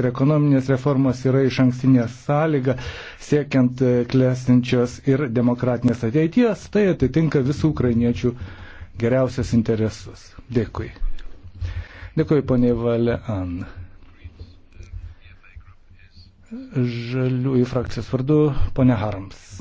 ir ekonominės reformos yra iš ankstinė sąlyga siekiant e, klesinčios ir demokratinės ateities, tai atitinka visų ukrainiečių geriausias interesus. Dėkui. Dėkui, ponė Valė An. Žaliųjų frakcijos vardu, ponė Harms.